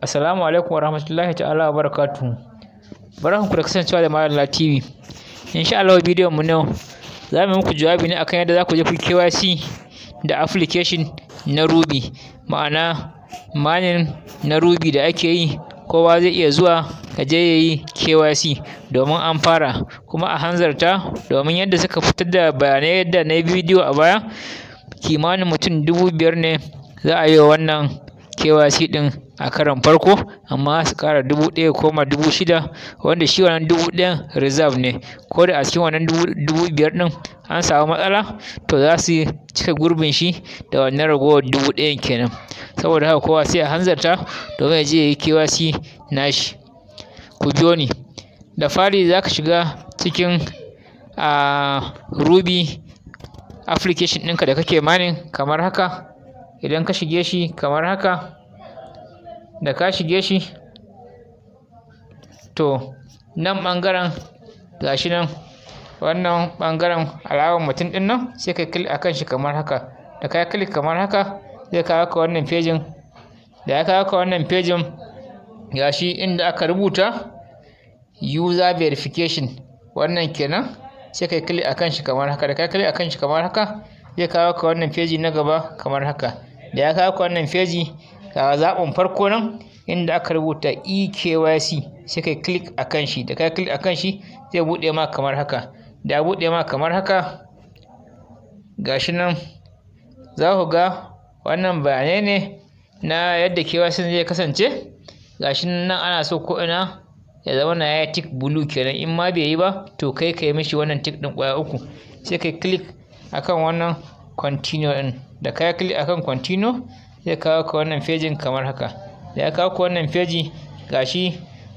Assalamu alaikum warahmatullahi ta'ala wa barakatuh. Barakun ku da kasancewa da Malala TV. Insha Allah bidiyon mu na za mu muku jawabi ne akan yadda za ku je ku KYC da application na Ruby. Ma'ana manin na Ruby da ake yi kowa zai iya zuwa ka je ya KYC domin an fara kuma a hanzarta domin yadda suka fitar da bayanai yadda na bidiyo a baya kimanin mutum dubu biyar ne za a yi wannan KYC ɗin a karon farko amma su ƙara dubu ɗaya koma dubu shida wanda shi wannan dubu ɗayan reserve ne ko da a cikin wannan dubu biyar ɗin an samu matsala to za su cika gurbin shi da wannan ragowar dubu ɗayan kenan saboda haka kowa sai a hanzarta domin ya je ya yi KYC nashi ku biyo ni da fari za ka shiga cikin a ah, Ruby application ɗinka da kake mining kamar haka idan ka shige shi kamar haka da ka shige shi to nan ɓangaren gashi nan wannan ɓangaren alawar mutum ɗin nan sai ka klik akan shi kamar haka da ka klik kamar haka zai kawo ka wannan fejin da ya kawo ka wannan fejin gashi inda aka rubuta user verification wannan kenan sai ka klik akan shi kamar haka da ka klik akan shi kamar haka zai kawo ka wannan feji na gaba kamar haka da ya kawo wannan feji ga zaɓin farko nan inda aka rubuta eKYC sai kai click akan shi da kai click akan shi zai buɗe ma kamar haka da ya buɗe ma kamar haka gashi nan za ku ga wannan bayanai ne na yadda KYC zai kasance gashi nan ana so ko ina ya zama na ya tick blue kenan in ma bai yi ba to kai kai mishi wannan tik ɗin kwaya uku sai kai click akan wannan continue ɗin da ka click akan continue zai kawo ka wannan fejin kamar haka da ya kawo ka wannan feji gashi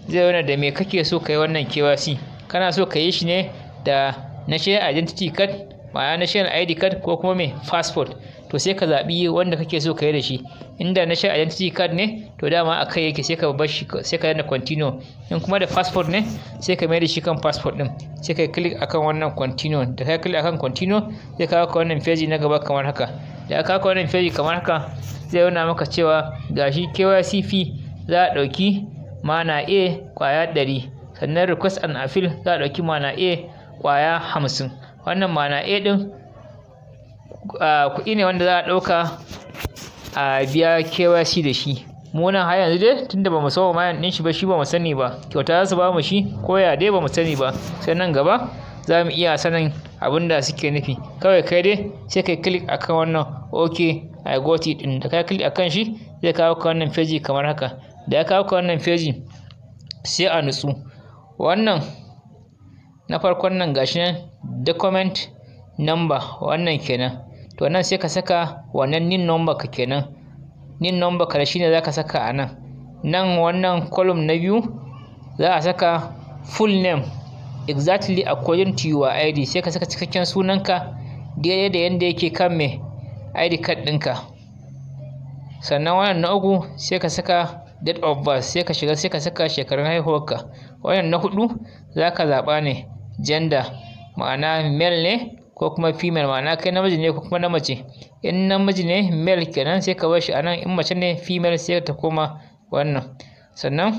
zai wani da me kake so kai wannan KYC kana so ka yi shi ne da national identity card ma'ana national ID card ko kuma me passport to sai ka zaɓi wanda kake so ka yi da shi inda na national identity card ne to dama a kai yake sai ka bar shi sai ka yana continue in kuma da passport ne sai ka mai da shi kan passport din sai ka click akan wannan continue da ka click akan continue sai ka kawo wannan page na gaba kamar haka da aka kawo wannan page kamar haka zai nuna maka cewa gashi KYC fee za a ɗauki mana A kwaya ɗari sannan request and appeal za a ɗauki mana A kwaya hamsin wannan mana A din ah, kuɗi ne wanda za a ɗauka a biya KYC da shi mu nan har yanzu dai tunda ba mu so yan din shi ba shi ba mu sani ba kyauta za su ba mu shi ko ya dai ba mu sani ba sai nan gaba za mu iya sanin abin da suke nufi kawai kai dai sai kai click akan wannan ok i got it din da kai click akan shi zai kawo ka wannan feji kamar haka da ya kawo ka wannan feji sai a nutsu wannan na farkon nan gashi nan document number wannan kenan to nan sai ka saka wannan nin number ka kenan nin number ka shine zaka saka a nan nan wannan column na biyu za a saka full name exactly according to your ID sai ka saka cikakken sunanka daidai da yanda yake kan me ID card ɗinka sannan wannan na uku sai ka saka date of birth sai ka shiga sai ka saka shekarun haihuwarka wannan na hudu zaka ka zaɓa ne gender ma'ana male ne ko kuma female ma'ana kai namiji ne ko kuma na mace in namiji ne male kenan sai ka bar shi anan in mace ne female sai ta koma wannan sannan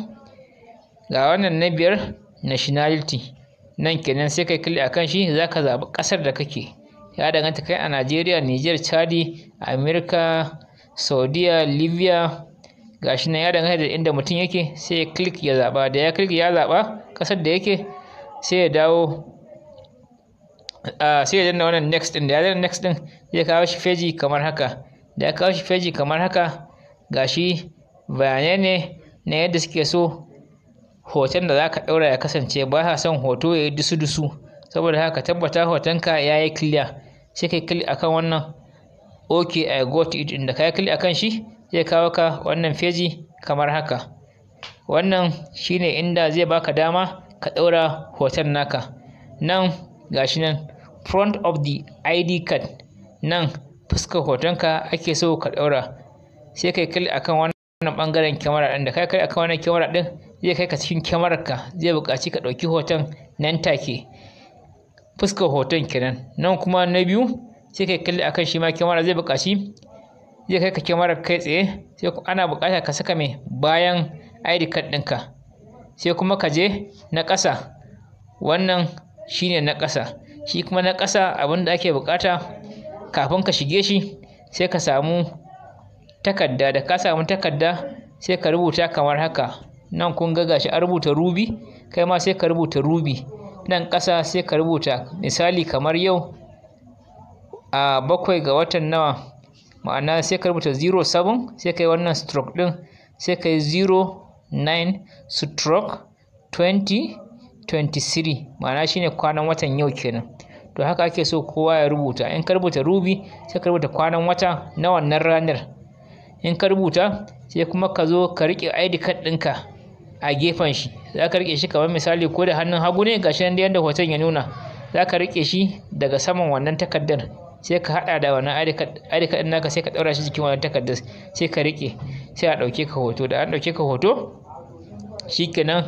ga wannan na biyar nationality nan kenan sai kai kili akan shi zaka zaɓi ƙasar da kake ya danganta kai a Najeriya Niger Chadi America Saudiya Libya gashi nan ya danganta da inda mutum yake sai ya click ya zaɓa da ya click ya zaɓa ƙasar da yake sai ya dawo Ah, sai ya danna wannan next din da ya danna next din zai kawo shi feji kamar haka da ya kawo shi feji kamar haka gashi bayanai ne na yadda suke so hoton da zaka ka ɗaura ya kasance ba sa son hoto ya yi dusu-dusu saboda haka tabbata hotonka ya yi clear sai ka click akan wannan okay i got it inda ka click akan shi zai kawo ka wannan feji kamar haka wannan shine inda zai baka dama ka ɗaura hoton naka nan gashi nan front of the id card nan fuskar hotonka ake so ka ɗaura sai kai kalli akan wannan ɓangaren kyamara ɗin da kai kalli akan wannan kyamara ɗin zai kai ka cikin kyamarar ka zai buƙaci ka ɗauki hoton nan take fuskar hoton kenan nan kuma na biyu sai kai kalli akan shi ma kyamara zai buƙaci zai kai ka kyamarar kai tsaye sai ana buƙata ka saka mai bayan id card ɗinka sai kuma ka je na ƙasa wannan shine na ƙasa shi kuma na ƙasa abin da ake buƙata kafin ka shige shi sai ka samu takarda da ka samu takarda sai ka rubuta kamar haka nan kun ga gashi a rubuta rubi kai ma sai ka rubuta rubi nan ƙasa sai ka rubuta misali kamar yau a bakwai ga watan nawa ma'ana sai ka rubuta 07 sai ka yi wannan stroke ɗin sai ka yi 09 stroke 20 23 ma'ana shine kwanan watan yau kenan to haka ake so kowa ya rubuta in ka rubuta rubi sai ka rubuta kwanan wata na wannan ranar in ka rubuta sai kuma ka zo ka riƙe ID card ɗinka a gefen shi za ka riƙe shi kamar misali ko da hannun hagu ne ga gashi nan yadda hoton ya nuna za ka riƙe shi daga saman wannan takardar sai ka haɗa da wannan ID card ɗin naka sai ka ɗaura shi jikin wannan takardar sai ka riƙe sai a ɗauke ka hoto da an ɗauke ka hoto shikenan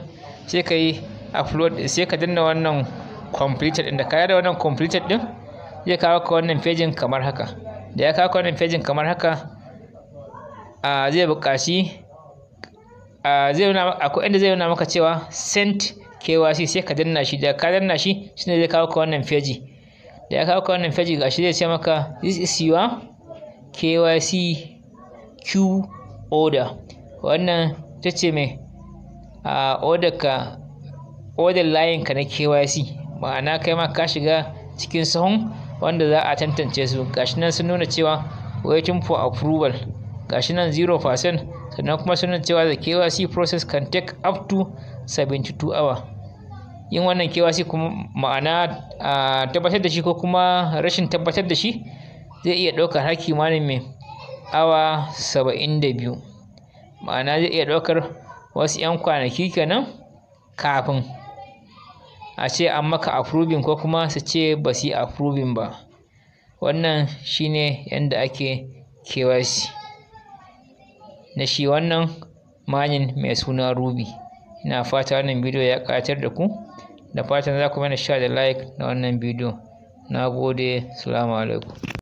sai ka yi upload sai ka danna wannan completed din da ka da wannan completed din zai kawo ka wannan pejin kamar haka da ya kawo ka wannan pejin kamar haka a zai buƙaci a zai nuna akwai inda zai nuna maka cewa sent KYC sai ka danna shi da ka danna shi shine zai kawo ka wannan feji da ya kawo ka wannan feji gashi zai ce maka this is your KYC queue order wannan tace ce mai a order ka odar layinka na KYC ma'ana kai ma ka shiga cikin sahun wanda za a tantance su gashi nan sun nuna cewa waiting for approval gashi nan 0% sannan kuma sun nuna cewa the KYC process can take up to 72 hour yin wannan KYC kuma ma'ana a tabbatar da shi ko kuma rashin tabbatar da shi zai iya ɗaukar har kimanin mai awa 72 ma'ana zai iya ɗaukar wasu 'yan kwanaki kenan kafin a ce an maka approving ko kuma su ce ba su yi approving ba wannan shine yadda ake kewasi na shi wannan manin mai suna Ruby ina fata wannan bidiyo ya ƙayatar da ku da fatan za ku mana sha da like na wannan bidiyo na gode salamu alaikum